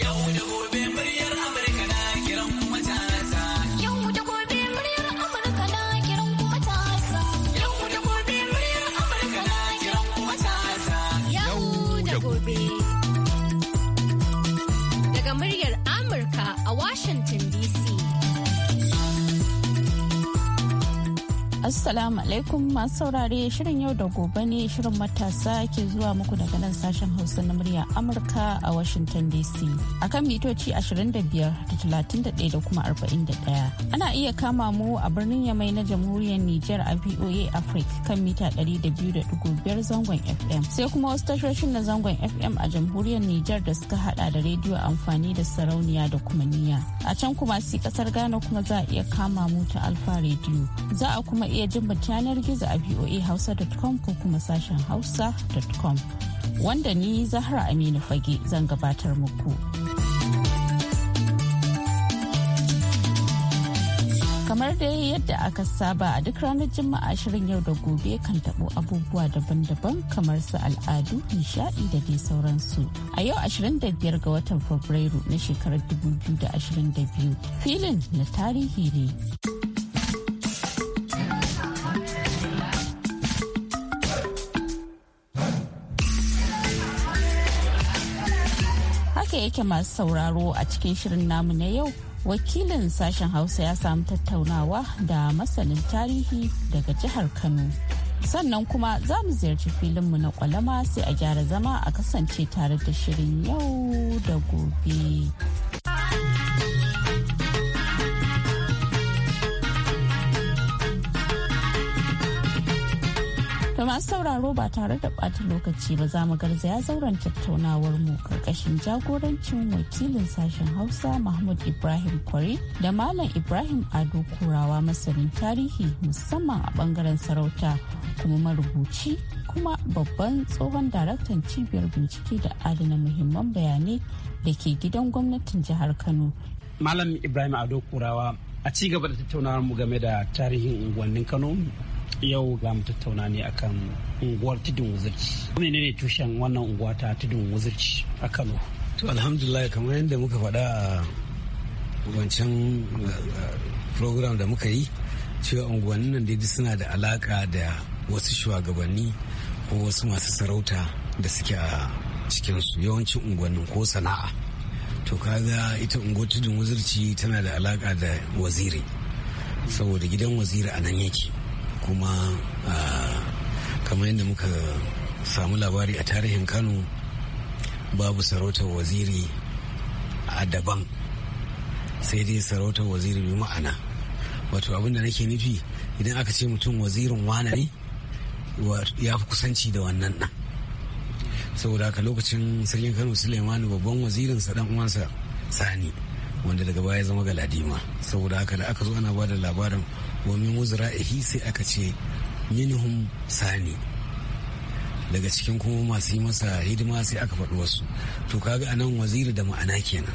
Yo, we the whole Assalamu alaikum masu saurare shirin yau da gobe ne shirin matasa ke zuwa muku daga nan sashen Hausa na murya Amurka a Washington DC. Akan mitoci 25 da 31 da kuma 41. Ana iya kama mu a birnin Yamai na jamhuriyar Nijar a VOA Africa kan mita 200.5 zangon FM. Sai kuma wasu tashoshin na zangon FM a jamhuriyar Nijar da suka hada da rediyo amfani da sarauniya da kuma niya. A can kuma si kasar Ghana kuma za a iya kama mu ta Alfa Radio. Za a kuma iya manhajin mu yanar gizo a voahausa.com ko kuma sashen hausa.com wanda ni zahra aminu fage zan gabatar muku. kamar dai yadda aka saba a duk ranar juma'a shirin yau da gobe kan tabo abubuwa daban-daban kamar su al'adu nishadi da dai sauransu a yau 25 ga watan fabrairu na shekarar 2022 filin na tarihi ne. yake masu sauraro a cikin shirin namu na yau wakilin sashen hausa ya samu tattaunawa da masanin tarihi daga jihar kano sannan kuma za mu ziyarci filinmu na kwalama sai a gyara zama a kasance tare da shirin yau da gobe. Da masu sauraro ba tare da ɓata lokaci ba za mu garzaya zauren tattaunawar mu karkashin jagorancin wakilin sashen Hausa Mahmud Ibrahim Kwari da Malam Ibrahim Ado Kurawa masanin tarihi musamman a bangaren sarauta kuma marubuci kuma babban tsohon daraktan cibiyar bincike da adana muhimman bayanai da ke gidan gwamnatin jihar Kano. Malam Ibrahim Ado Kurawa a ci gaba da tattaunawar mu game da tarihin unguwannin Kano yau za mu tattauna ne akan unguwar tudun wuzirci mene ne tushen wannan unguwa ta tudun wuzirci a kano to alhamdulillah kamar yadda muka faɗa a wancan program da muka yi cewa unguwannin nan daidai suna da alaka da wasu shugabanni ko wasu masu sarauta da suke a cikinsu yawancin unguwannin ko sana'a to kaga ita unguwar tudun wuzirci tana da alaka da waziri saboda gidan waziri a nan yake kuma kamar yadda muka samu labari a tarihin kano babu sarautar waziri a daban sai dai sarautar waziri bi ma'ana wato abin nake nufi idan aka ce mutum wazirin wane ne ya fi kusanci da wannan ɗan saboda haka lokacin sarkin kano suleimani babban wazirin sa uwansa sani wanda daga baya zama galadima saboda haka da aka zo ana ba da labarin wa min ihi sai aka ce minhum sani daga cikin kuma masu yi masa hidima sai aka faɗi wasu to kaga nan waziri da ma'ana kenan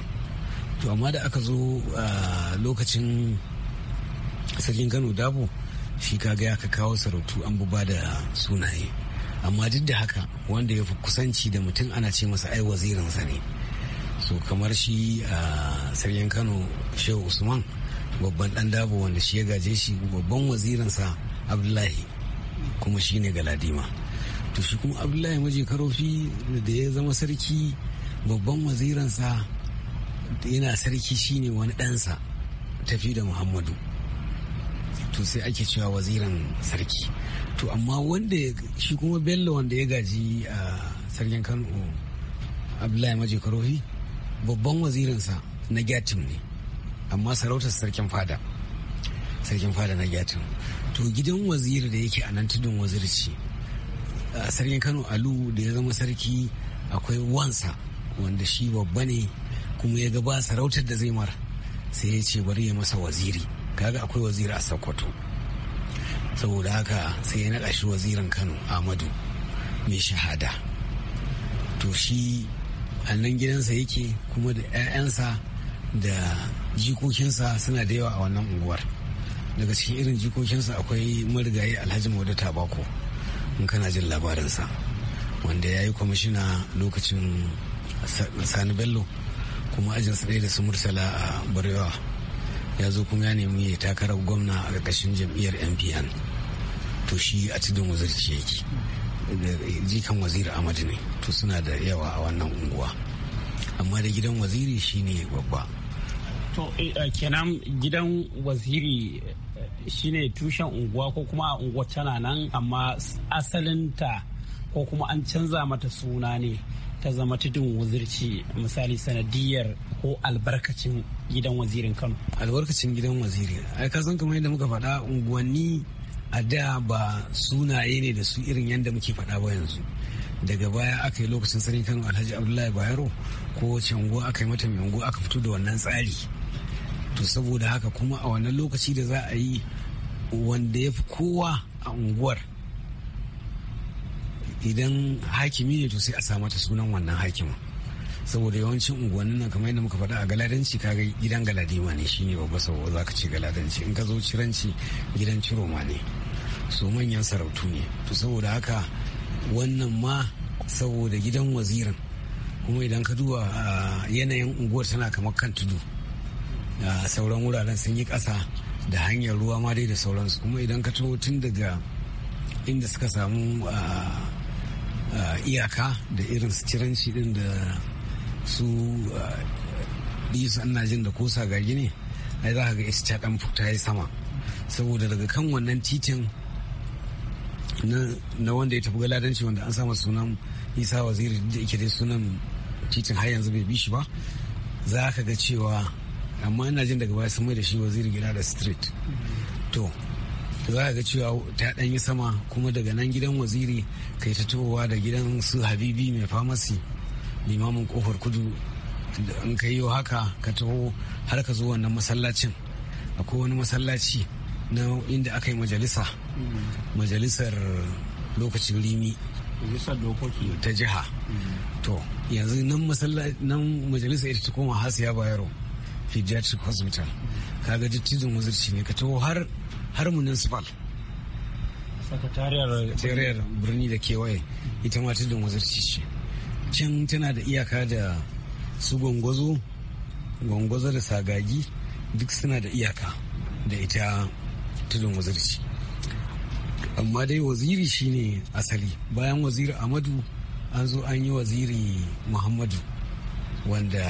to amma da aka zo a lokacin sarkin kano dabo shi kaga ya ka kawo sarautu an buba da sunaye amma duk da haka wanda ya fi kusanci da mutum ana ce masa ai wazirinsa ne so kamar shi a sarkin kano shehu usman babban dan dabo wanda shi ya gaje shi babban wazirinsa abdullahi kuma shi ne galadima to shi kuma abdullahi maje karofi da ya zama sarki babban waziransa yana sarki shine wani ɗansa tafi da muhammadu to sai ake cewa waziran sarki to amma wanda shi kuma bello wanda ya gaji a sarkin kano abdullahi maje karofi babban wazirinsa na gyatim ne amma sarautar sarkin fada sarkin fada na gyatin to gidan waziri da yake a nan tudun waziri ce sarkin kano alu da ya zama sarki akwai wansa wanda shi babba ne kuma ya gaba sarautar da zai mar sai ya ce bari ya masa waziri kaga akwai waziri a sokoto saboda haka sai ya naka shi wazirin kano amadu mai shahada to shi a nan gidansa yake kuma da 'ya'yansa da jikokinsa suna da yawa a wannan unguwar daga cikin irin jikokinsa akwai marigayi alhaji maudu tabako in kana jin labarinsa wanda ya yi kwamishina lokacin sani bello kuma ajinsa ɗaya da su murtala a barewa ya zo kuma ya nemi ya takarar gwamna a ƙarƙashin jam'iyyar npn to shi a tudun wazirci yake jikan waziri amadu ne to suna da yawa a wannan unguwa amma da gidan waziri shi ne babba to eh, eh, kenan gidan waziri eh, shine tushen unguwa ko kuma unguwa tana nan amma asalinta ko kuma an canza mata suna ne ta zama tudun wazirci misali sanadiyar ko albarkacin gidan wazirin kano albarkacin gidan waziri ai ka san kamar yadda muka faɗa unguwanni a da ba sunaye ne da su irin yadda muke faɗa ba yanzu daga baya aka yi lokacin sarkin kano alhaji abdullahi bayero ko wacce unguwa aka yi mata mai unguwa aka fito da wannan tsari to saboda haka kuma a wannan lokaci da za a yi wanda ya fi kowa a unguwar idan hakimi ne to sai a samu ta sunan wannan hakimin saboda yawancin unguwannin nan kamar yadda muka faɗa a galadanci kaga gidan galadima ne shine babba saboda za ka ce galadanci in ka zo ciranci gidan ciroma ne su manyan sarautu ne to saboda haka wannan ma saboda gidan wazirin kuma idan ka duba ah, yanayin unguwar tana kamar kan tudu sauran wuraren sun yi ƙasa da hanyar ruwa ma dai da sauransu kuma idan ka taho tun daga inda suka samu iyaka da irin su ciranci din da su su ana jin da kosa ga gini ai za ka ga ita ta ta yi sama saboda daga kan wannan titin na wanda ya tafi galadanci wanda an sama sunan isa waziri da yake dai sunan titin har yanzu bai bi shi ba za ka ga cewa amma ina jin daga baya sun mai da shi waziri gida da street to za a ga cewa ta dan yi sama kuma daga nan gidan waziri kai ta towa da gidan su habibi mai famasi limamin kofar kudu in ka yi haka ka taho har ka zo wannan masallacin akwai wani masallaci na inda aka yi majalisa majalisar lokacin rimi ta jiha to yanzu nan majalisa ita ta koma hasiya bayero pediatric hospital kaga dattijan wazirci ne ka taho har har municipal sakatariyar birni da kewaye ita ma tudun wazirci ce can tana da iyaka da su gwangwazo gwangwazo da sagagi duk suna da iyaka da ita tudun wazirci amma dai waziri shine asali bayan waziri amadu an zo an yi waziri muhammadu wanda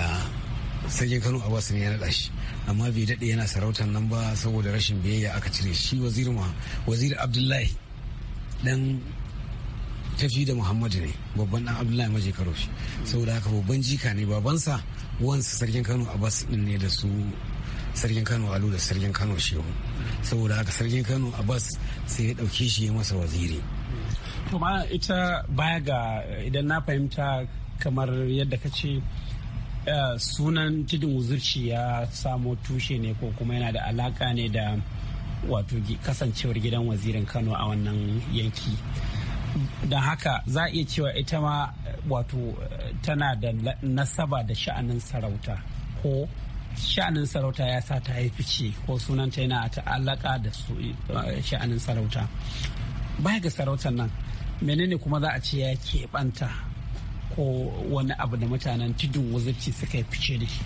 sarkin kano abbas ne ya naɗa shi amma bai daɗe yana sarautar nan ba saboda rashin biyayya aka cire shi wazir wazir abdullahi dan tafi da muhammadu ne babban dan abdullahi maje karo shi saboda haka babban jika ne babansa wansu sarkin kano abbas din ne da su sarkin kano alu da sarkin kano shehu saboda haka sarkin kano abbas sai ya ɗauke shi ya masa waziri to ita baya ga idan na fahimta kamar yadda ka ce Eh, sunan tudun wuzurci ya samo tushe ne ko kuma yana da alaka ne da wato kasancewar gidan wazirin kano a wannan yanki don haka za a iya cewa ita ma eh, wato eh, tana da nasaba da sha'anin sarauta ko sha'anin sarauta ya sa ta haifi ce ko sunanta yana ta'allaka da sha'anin sarauta Ba ga sarautar nan menene kuma za a ce ya keɓanta ko wani abu da mutanen tudun wuzurci suka yi fice da shi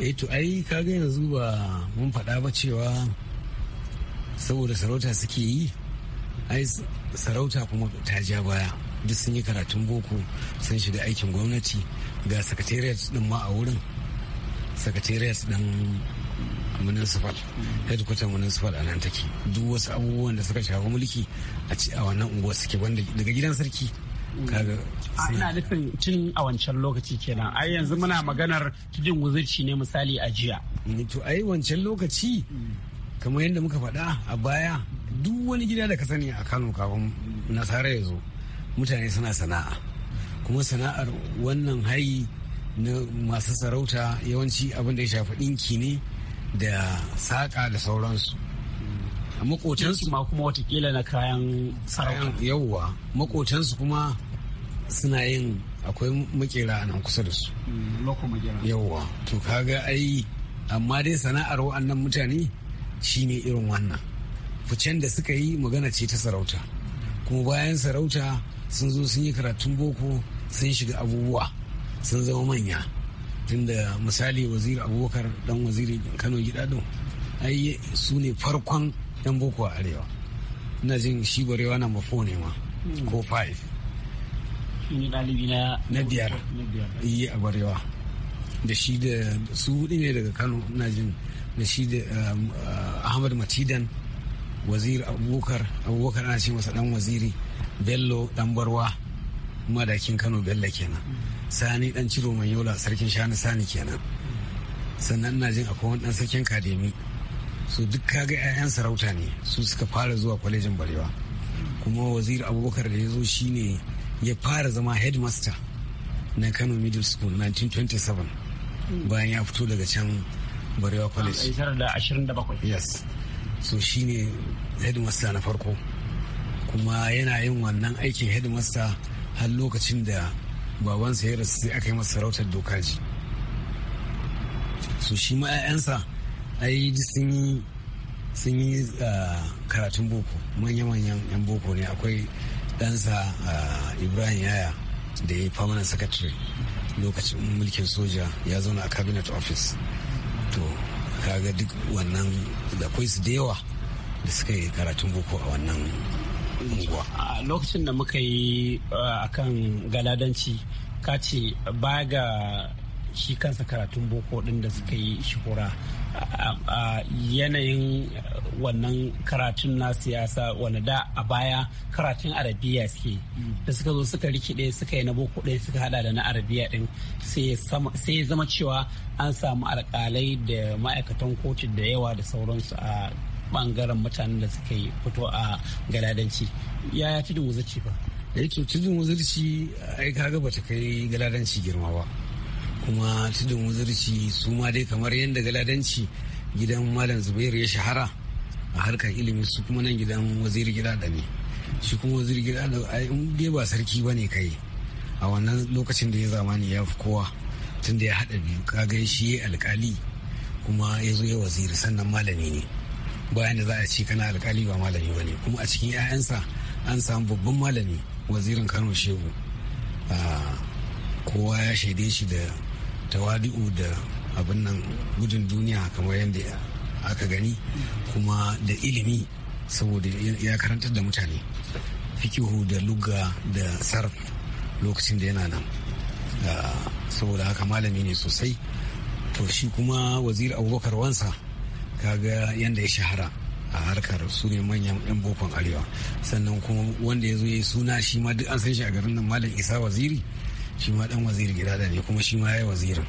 eh to ai kaga yanzu ba mun faɗa ba cewa saboda sarauta suke yi ai sarauta kuma ta ja baya duk sun yi karatun boko sun shiga aikin gwamnati ga secretariat din ma a wurin secretariat din municipal headquarter municipal a nan take duk wasu abubuwan da suka shafi mulki a wannan unguwar suke wanda daga gidan sarki kaga ina nufin tun a wancan lokaci kenan ai yanzu muna maganar cikin wuzurci ne misali a jiya mm, to ai wancan lokaci kamar yadda muka faɗa a baya duk wani gida da ka sani a Kano kafin nasara ya zo mutane suna sana'a kuma sana'ar wannan hayi na masu sarauta yawanci abin da ya shafi ɗinki ne da saƙa da sauransu makotansu ma kuma watakila na kayan sarauta yauwa makotansu kuma suna yin akwai makera a nan kusa da su mm, yauwa to kaga ai amma dai sana'ar wa'annan mutane shine irin wannan ficen da suka yi magana ce ta sarauta kuma bayan sarauta sun zo sun yi karatun boko sun shiga abubuwa sun zama manya tunda misali waziri abubakar dan waziri kano gidado ai su ne farkon yan boko a arewa ina jin shi barewa na mafo ne ma hmm. ko five na biyar yi a barewa da shi da su hudu ne daga kano ina jin da shi da um, uh, ahmad matidan wazir abubakar abubakar ana ce masa dan waziri bello dan barwa madakin kano bello kenan hmm. sani dan ciro mai sarkin shanu sani kenan hmm. sannan ina jin akwai wani dan sarkin kademi so duk kaga 'ya'yan sarauta ne su suka fara zuwa kwalejin barewa kuma wazir abubakar da ya zo shine ya fara zama headmaster na kano middle school 1927 bayan ya fito daga can barewa college yes so shine headmaster na farko kuma yana yin wannan aikin headmaster har lokacin da babansa ya rasu sai aka yi masa sarautar dokaji so shi ma 'ya'yansa ai sun yi sun yi ah, karatun boko manya-manyan 'yan boko ne akwai ɗansa ah, ibrahim yaya da ya yi permanent secretary lokacin mulkin soja ya zauna a cabinet office to kaga duk wannan da akwai su da yawa da suka yi karatun boko a wannan unguwa a lokacin da muka yi ah, akan galadanci ka ce ba ga shi kansa karatun boko din da suka yi shihura a yanayin wannan karatun na siyasa wanda da a baya karatun arabiya suke da suka zo suka rikide suka yi na boko ɗaya suka hada da na arabiya ɗin sai ya zama cewa an samu alkalai da ma'aikatan kotu da yawa da sauransu a bangaren mutanen da suka yi fito a galadanci ya tudun wuzarci eh ba da yake tudun wuzarci ai kaga bata kai galadanci girma ba kuma tudun wuzurci su ma dai kamar yadda galadanci gidan malam zubairu ya shahara a harkar ilimi su kuma nan gidan waziri gida da ne shi kuma waziri gida da in dai ba sarki ba ne kai a wannan lokacin da ya zamani ya fi kowa tun da ya haɗa biyu kaga shi ya alkali kuma ya zo ya waziri sannan malami ne bayan da za a ce kana alkali ba malami ba ne kuma a cikin 'ya'yansa an samu babban malami wazirin kano shehu ah, kowa ya shaide shi da tawali'u da abin nan gudun duniya kamar yadda aka gani kuma da ilimi saboda ya karantar da mutane fikihu da luga da sarf lokacin da yana nan ah, saboda haka malami ne sosai to shi kuma wazir abubakar wansa kaga yadda ya shahara a harkar su ne manyan 'yan bokon arewa sannan kuma wanda ya zo ya suna shi ma duk an san shi a garin nan malam isa waziri shi ma dan wazirin da ne kuma shi ma ya yi wazirin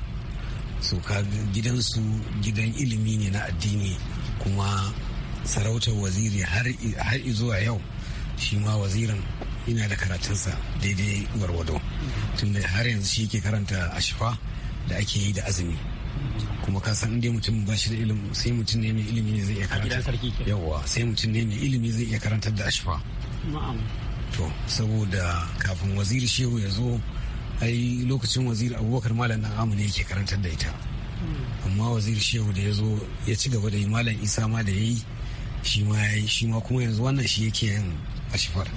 su ka gidansu gidan ilimi ne na addini kuma sarautar waziri har zuwa yau shi ma wazirin ina da karatunsa daidai gwarwado tunda har yanzu shi ke karanta shifa da ake yi da azumi kuma ka san inda mutum ba shi da ilimi sai mutum ne mai ilimi ne zai iya karanta yawa sai mutum ne mai ilimi zai iya karantar da ashifa to saboda kafin waziri shehu ya zo ai lokacin waziri abubakar malam na amu ne yake karantar da ita amma waziri shehu da ya zo ya ci gaba da yi malam isa ma da ya yi shi ma ya yi shi ma kuma yanzu wannan shi yake yin ashifar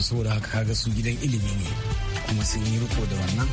saboda haka kaga su gidan ilimi ne kuma sun yi riko da wannan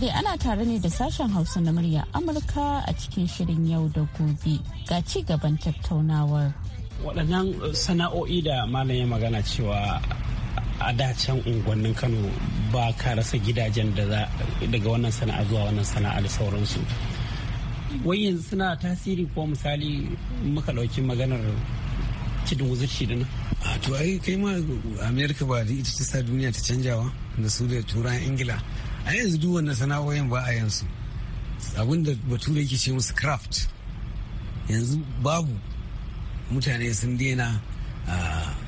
dai ana tare ne da sashen hausa na murya amurka a cikin shirin yau da gobe ga ci gaban tattaunawar waɗannan sana'o'i da malam ya magana cewa a dacen unguwannin kano ba ka rasa gidajen daga wannan sana'a zuwa wannan sana'a da sauransu wai suna tasiri ko misali muka ɗauki maganar cikin wuzurci da nan a to ai kai ma amerika ba da ita ta sa duniya ta canjawa da su da turan ingila a yanzu duk wannan sana'o'in ba a yansu abinda bature yake ce musu craft yanzu babu mutane sun daina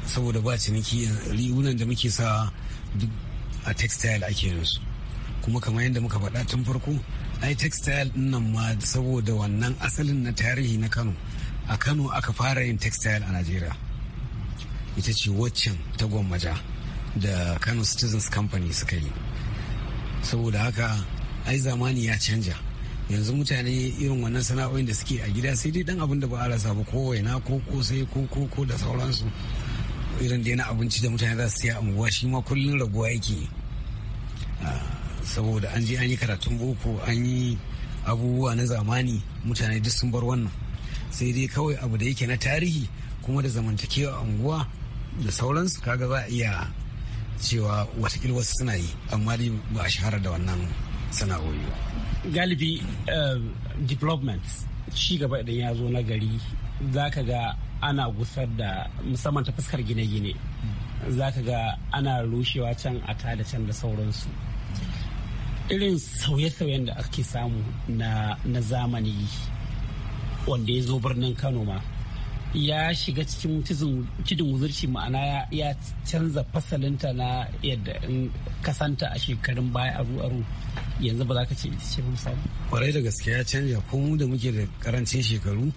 saboda ba ciniki rigunan da muke sawa duk a textile ake yansu kuma kamar yadda muka faɗa tun farko ai textile nan ma saboda wannan asalin na tarihi na kano a kano aka fara yin textile a najeriya ita ce waccan ta gwammaja da kano citizens company suka yi saboda haka ai zamani ya canja yanzu mutane irin wannan sana'o'in da suke a gida sai dai dan abin da ba a rasa ba ko waina ko kosai ko da sauransu irin da na abinci da mutane za su siya unguwa shi ma kullum raguwa yake ah, saboda an je an yi karatun boko an yi abubuwa na zamani mutane duk sun bar wannan sai dai kawai abu da yake na tarihi kuma da zamantakewa unguwa da sauransu kaga za a iya cewa watakila wasu suna yi amma dai ba a shahara da wannan sana'o'i ba. galibi eh, development ci gaba idan ya zo na gari za ka ga ana gusar da musamman ta fuskar gine-gine za ka ga ana rushewa can a tada can da sauransu irin sauye-sauyen da ake samu na zamani wanda ya zo birnin kano ma ya shiga cikin kidin wuzurci ma'ana ya canza fasalinta na yadda in kasanta a shekarun baya aru aru yanzu ba za ka ce ita ce misali kwarai da gaske ya canja ko mu da muke da karancin shekaru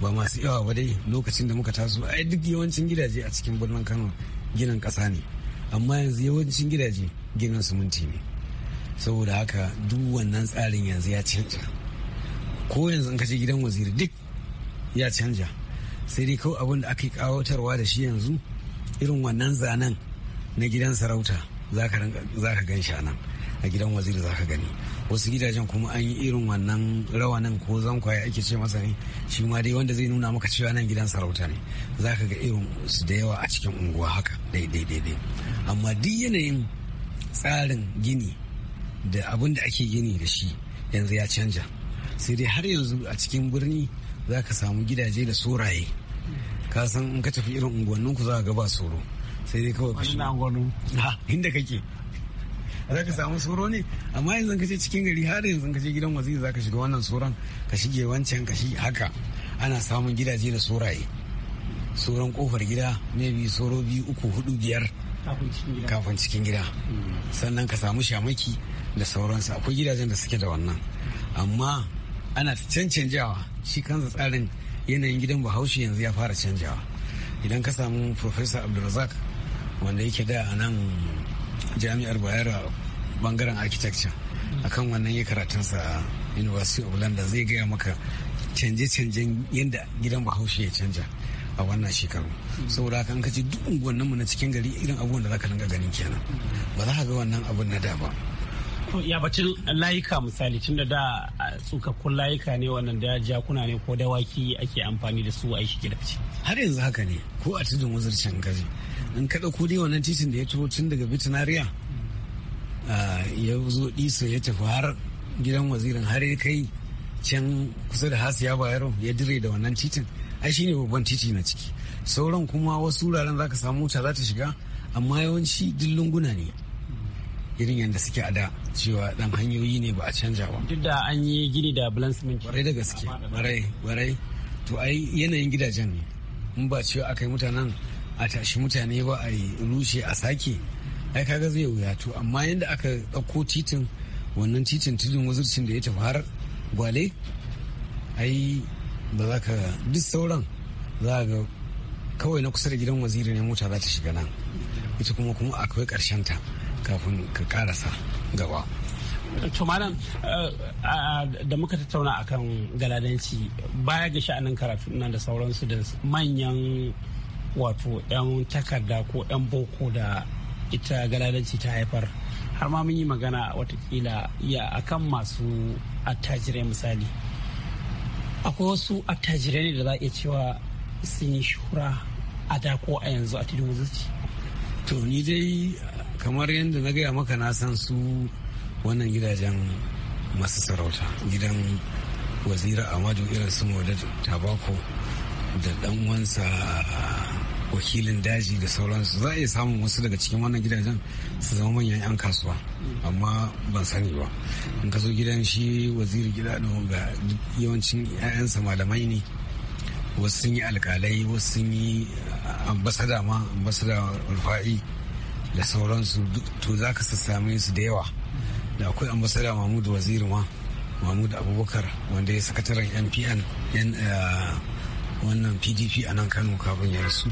ba masu yawa ba dai lokacin da muka taso ai duk yawancin gidaje a cikin birnin kano ginin ƙasa ne amma yanzu yawancin gidaje ginin siminti ne saboda haka duk wannan tsarin yanzu ya canja ko yanzu in ka ce gidan waziri duk ya canja sai dai kawai abin da ake kawatarwa da shi yanzu irin wannan zanen na gidan sarauta za ka gan shi nan a gidan waziri za ka gani wasu gidajen kuma an yi irin wannan rawanin ko zankwaya ake ce masa ne shi ma dai wanda zai nuna maka cewa nan gidan sarauta ne za ka ga irin su da yawa a cikin unguwa haka daidai daidai amma duk yanayin tsarin gini da abin da ake gini da shi yanzu ya canja sai dai har yanzu a cikin birni za ka samu gidaje da soraye ka san in ka tafi irin unguwannin ku za ka ba soro sai dai kawai ka shiga inda kake za ka samu soro ne amma yanzu ka ce cikin gari har yanzu ka ce gidan waziri za ka shiga wannan soron ka shige wancan ka shi haka ana samun gidaje da soraye soron kofar gida bi soro biyu uku hudu biyar kafin cikin gida hmm. sannan ka samu shamaki da sauransu akwai gidajen da suke da wannan amma ana ta cancanjawa shi kansa tsarin yanayin gidan bahaushe yanzu ya fara canjawa idan ka samu professor abdulrazak wanda yake da a nan jami'ar bayero bangaren architecture akan wannan ya karatunsa a university of london zai gaya maka canje-canjen yadda gidan bahaushe ya canja a wannan shekaru saboda haka an kaci duk unguwanninmu na cikin gari irin abubuwan da zaka ga ganin kenan ba za ka ga wannan abun na da ba ya bacin layuka misali tun da da tsukakkun layuka ne wannan da jakuna ne ko dawaki ake amfani da su a yi gidaje har yanzu haka ne ko a tudun wazircin gaji in ka ɗauko dai wannan titin da ya taho tun daga bitinariya ya zo ɗisa ya tafi har gidan wazirin har ya kai can kusa da hasiya bayero ya dire da wannan titin ai shine babban titi na ciki sauran kuma wasu wuraren zaka samu wuta za ta shiga amma yawanci duk lunguna ne irin yadda suke a da cewa dan hanyoyi ne ba a canja ba duk da an yi gini da bulan siminti da gaske warai warai to ai yanayin gidajen ne in ba cewa aka yi mutanen a tashi mutane ba a yi rushe a sake ai kaga zai wuya to amma yadda aka ɗauko titin wannan titin tudun wazircin da ya tafi har gwale ai ba za ka duk sauran za ga kawai na kusa da gidan waziri ne mota za ta shiga nan ita kuma kuma akwai ƙarshen ta kafin ka karasa gaba tumanan eh, da muka tattauna akan galadanci baya ga sha'anin karatu nan da sauransu da manyan wato 'yan takarda ko 'yan boko da ita galadanci ta haifar har ma mun yi magana watakila ya akan masu attajirai misali akwai wasu attajirai ne da za a cewa sun yi shura a da ko a yanzu a tudun to ni dai kamar yadda na gaya maka na san su wannan gidajen masu sarauta gidan wazira amadu irin su da tabako da dan wansa wakilin daji da sauransu za a iya samun wasu daga cikin wannan gidajen su zama manyan 'yan kasuwa amma ban sani ba in ka zo gidan shi waziri gida ga yawancin 'ya'yansa malamai ne wasu sun yi alkalai wasu sun yi ambasada ma ambasada rufa'i da sauransu to za ka sassame su da yawa da akwai ambasada mahmud waziri ma mahmud abubakar wanda ya sakataren mpn yan eh, wannan pdp a nan kano kafin ya rasu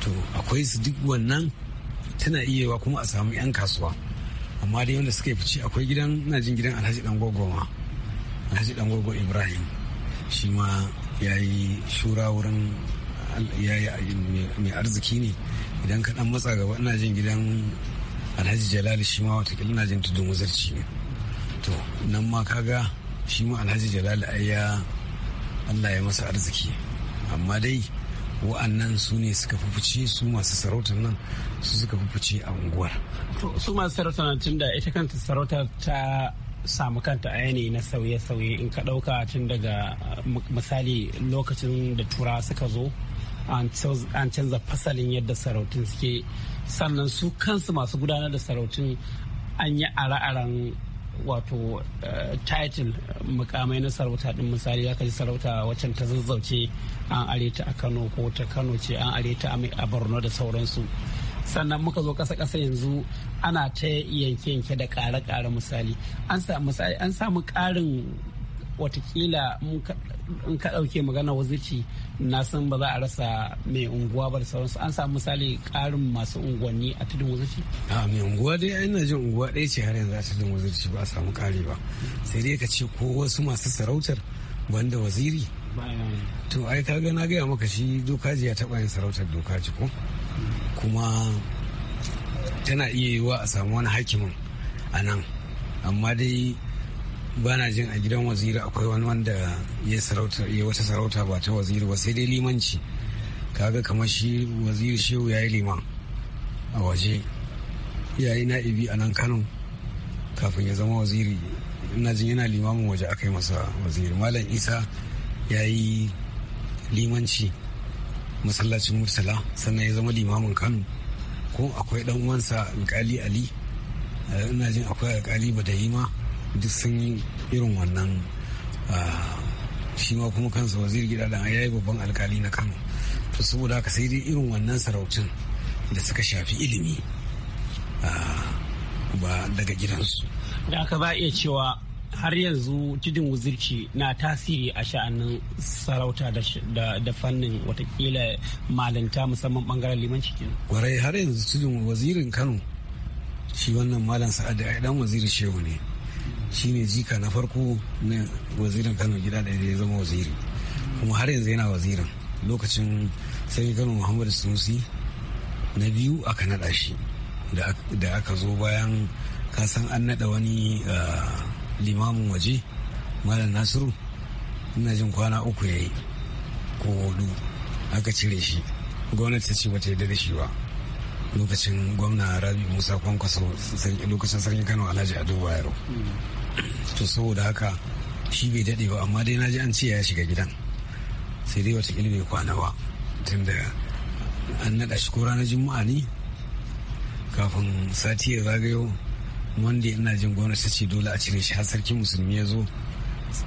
to akwai su duk wannan tana yawa kuma a samu 'yan kasuwa amma dai wanda suka yi fice akwai gidan na jin gidan alhaji dan gogo ma alhaji dan gogo ibrahim shi ma ya yi shura wurin ya yi mai arziki ne idan ka dan matsa gaba ina jin gidan alhaji jalali shi ma watakila ina jin tudun wuzarci ne to nan ma kaga shi ma alhaji jalali ai ya allah ya masa arziki amma dai wa'annan su ne suka fufuce su masu sarautar nan su suka fufuce a unguwar su masu sarautar nan tun da ita kanta sarautar ta samu kanta a na sauye-sauye in ka ɗauka tun daga misali lokacin da tura suka zo an canza fasalin yadda sarautun suke sannan su kansu masu gudanar da sarautun an yi ara wato eh, title eh, mukamai na sarauta din misali zaka ji sarauta waccan ta zazzauce an areta a kano ko ta kano ce an areta a borno da sauransu sannan muka zo kasa kasa yanzu ana ta yanke-yanke da kare-kare misali an samu ƙarin watakila in ka ɗauke magana wazirci na san ba za a rasa mai unguwa ba da sauransu an samu misali ƙarin masu unguwanni a tudun wazirci. a mai unguwa dai a ina jin unguwa ɗaya ce har yanzu a tudun wazirci ba a samu ƙari ba sai dai ka ce ko wasu masu sarautar banda waziri. to ai ka ga na gaya maka shi dokaji ya taɓa yin sarautar dokaji ko kuma tana iya yiwuwa a samu wani hakimin a nan amma dai ba na jin a gidan waziri akwai wani wanda ya sarauta ya wata sarauta ba ta waziri ba sai dai limanci kaga kamar shi waziri shehu ya yi liman a waje ya yi na'ibi a nan kano kafin ya zama waziri ina jin yana limamin waje aka yi masa waziri malam isa ya yi limanci masallacin murtala sannan ya zama limamin kano ko akwai dan uwansa alkali ali eh, ina jin akwai alkali ma. duk sun yi irin wannan shi ma kuma kansa wazir gida da ya yi babban alkali na kano to saboda haka sai dai irin wannan sarautun da suka shafi ilimi ba daga gidansu da aka ba iya cewa har yanzu tudun wuzirci na tasiri a sha'anin sarauta da fannin watakila malinta musamman bangaren limanci kenan kwarai har yanzu tudun wazirin kano shi wannan malam sa'ad da dan waziri shehu ne Shi ne jika na farko na wazirin kano gida da ya zama waziri kuma har yanzu yana wazirin lokacin sai kano muhammadu sunusi na biyu aka naɗa shi da aka zo bayan kasan an naɗa wani ah, limamin waje malam nasiru ina jin kwana uku ya yi ko hudu aka cire shi gwamnati ta ce ta yarda da shi ba lokacin gwamna rabi musa kwankwaso lokacin sarki kano alhaji ado bayero to saboda haka shi bai daɗe ba amma dai na ji an ce ya shiga gidan sai dai wata bai kwana ba da an naɗa shi ko ranar juma'a ne kafin sati ya zagayo wanda ina jin gwamnati ce dole a cire shi har sarki musulmi ya zo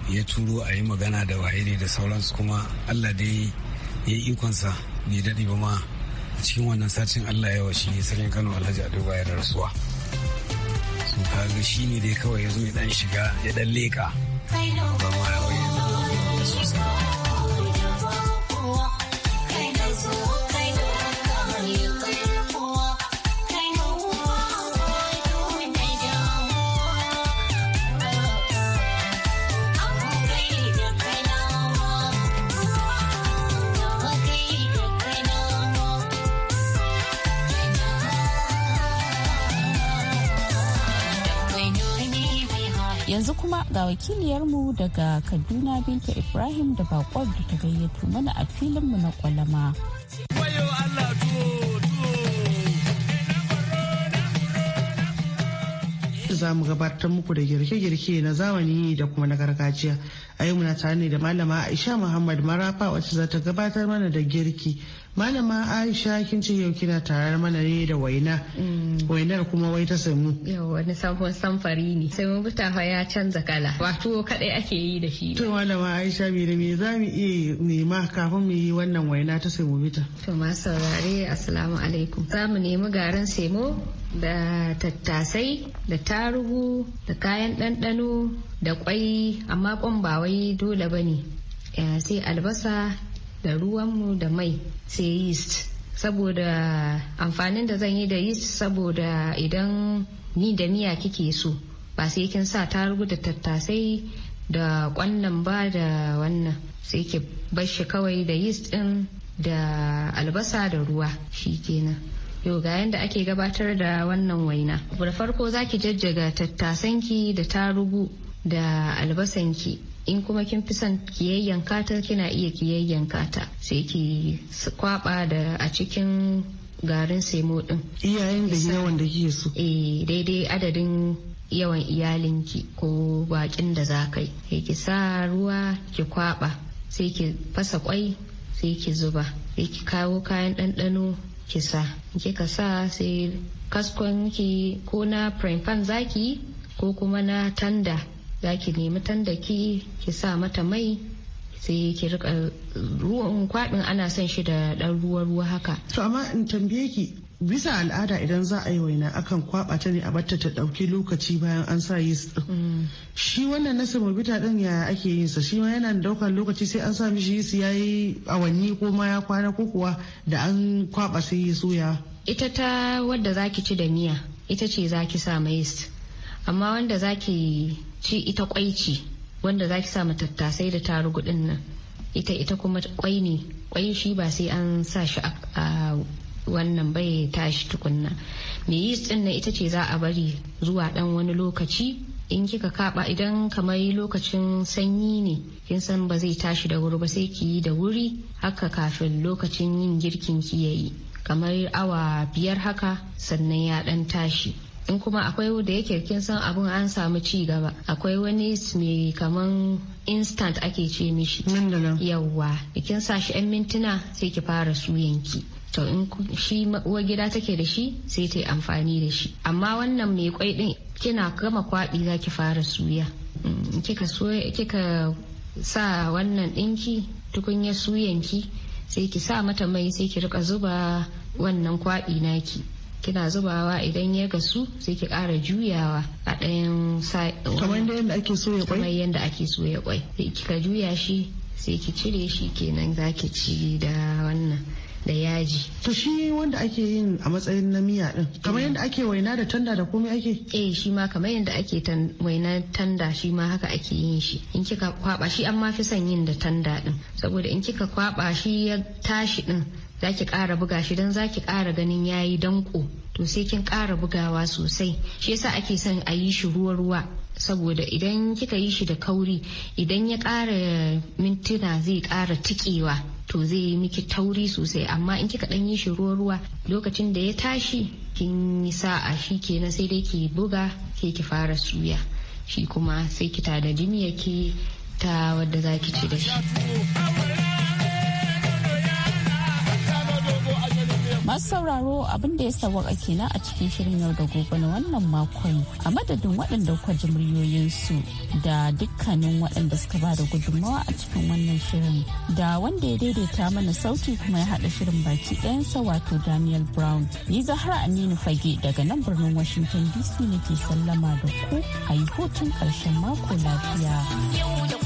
ya turo a yi magana da waye ne da sauransu kuma allah dai ya yi ikonsa bai daɗe ba ma cikin wannan satin allah ya ne sarkin kano alhaji ado ya rasuwa kaga shi ne dai kawai ya zo ya dan shiga ya dan leka wakiliyarmu daga kaduna binta ibrahim da bakon da ta gayyato mana a filinmu na kwalama za mu gabatar muku da girke-girke na zamani da kuma na gargajiya a yau muna tare ne da malama aisha muhammad marafa wacce za ta gabatar mana da girki malama aisha kin ce yau kina tarar mana ne da waina mm. wainar kuma wai ta samu yau wani sabon samfari ne sai mun buta ya canza kala wato kadai ake yi da shi to malama aisha me da me za mu iya nema kafin mu yi wannan waina ta samu bita to ma saurare assalamu alaikum za mu nemi garin semo da tattasai da tarugu da kayan ɗanɗano da kwai amma kwan ba wai dole ne sai albasa da ruwanmu da mai sai yeast saboda amfanin da zan yi da yeast saboda idan ni da miya kike so ba sai kin sa tarugu da tattasai da kwannan ba da wannan sai ke bashi kawai da yeast din da albasa da ruwa shi kenan yau ga yadda ake gabatar da wannan waina da farko za ki jajjaga tattasanki da tarugu da albasanki in kuma kin fi son kiyayyen kata kina iya kiyayyen kata sai ki kwaba da a cikin garin semo din iyayen da yawan da kike so eh daidai adadin yawan iyalinki ko bakin da za kai sai ki sa ruwa ki kwaba sai ki fasa kwai sai ki zuba sai ki kawo kayan ɗanɗano ki sa kika sa sai kaskon ki ko na prime pan zaki ko kuma na tanda za ki nemi tandaki ki sa mata mai sai ki rika eh, ruwan kwaɗin ana son shi da ɗan ruwa-ruwa haka. To amma in tambaye ki bisa al'ada idan za a yi waina akan kwaba ta ne a batta ta ɗauki lokaci bayan an sa yeast ɗin. Mm. Shi wannan na bita ɗin yaya ake yin sa shi ma yana ɗaukar lokaci sai an sa mishi yeast ya yi awanni ko ma ya kwana ko kuwa da an kwaba sai ya soya. Ita ta wadda zaki ci da miya ita ce zaki sa ma yeast. amma wanda zaki ci ita kwai ce wanda zaki sa matattasai tattasai da taru din nan ita ita kuma kwai ne kwai shi ba sai an sa shi a wannan bai tashi tukunna me yeast din nan ita ce za a bari zuwa dan wani lokaci in kika kaba idan kamar lokacin sanyi ne kin san ba zai tashi da wuri ba sai ki yi da wuri haka kafin lokacin yin girkin ki yayi kamar awa biyar haka sannan ya dan tashi in kuma akwai da yake kin san abun an samu ci gaba akwai wani mai kaman instant ake ce mishi yawwa kin sa shi 'yan mintuna sai ki fara suyanki to in shi uwar gida take da shi sai ta yi amfani da shi amma wannan mai kwai din kina gama kwaɗi za ki fara suya mm, kika kika sa wannan ɗinki tukunya suyanki sai ki sa mata mai sai ki rika zuba wannan kwaɗi naki kina zubawa idan ya gasu sai ki ƙara juyawa a ɗayan kamar yadda ake so ya kwai kamar yadda ake kwai sai kika juya shi sai ki cire shi kenan za ki ci da wannan da yaji. To shi wanda ake yin a matsayin na miya din. Kamar eh. yadda ake waina da tanda da komai ake? Eh shi ma kamar yadda ake waina tanda shi ma haka ake yin shi. In kika kwaba shi an mafi fi son yin da tanda din. Saboda in kika kwaba shi ya tashi din za ki ƙara buga shi don za ki ƙara ganin ya yi danko to sai kin ƙara bugawa sosai shi yasa ake son a yi shi ruwa-ruwa saboda idan kika yi shi da kauri idan ya ƙara mintuna zai ƙara tikewa to zai yi miki tauri sosai amma in kika ɗan yi shi ruwa-ruwa lokacin da ya tashi kin yi sa'a shi kenan sai dai ki buga ke ki fara suya shi kuma sai ki tanadi miyake ta wadda za ki ci da shi. Masu sauraro abin da ya sawaka kenan a cikin shirin yau da gobe na wannan makon a madadin waɗanda kwa ji muryoyinsu da dukkanin waɗanda suka ba da gudunmawa a cikin wannan shirin da wanda ya daidaita mana sauti kuma ya haɗa shirin baki ɗayansa wato Daniel Brown. Ni Zahra Aminu Fage daga nan birnin Washington DC nake sallama da ku a yi hutun ƙarshen mako lafiya.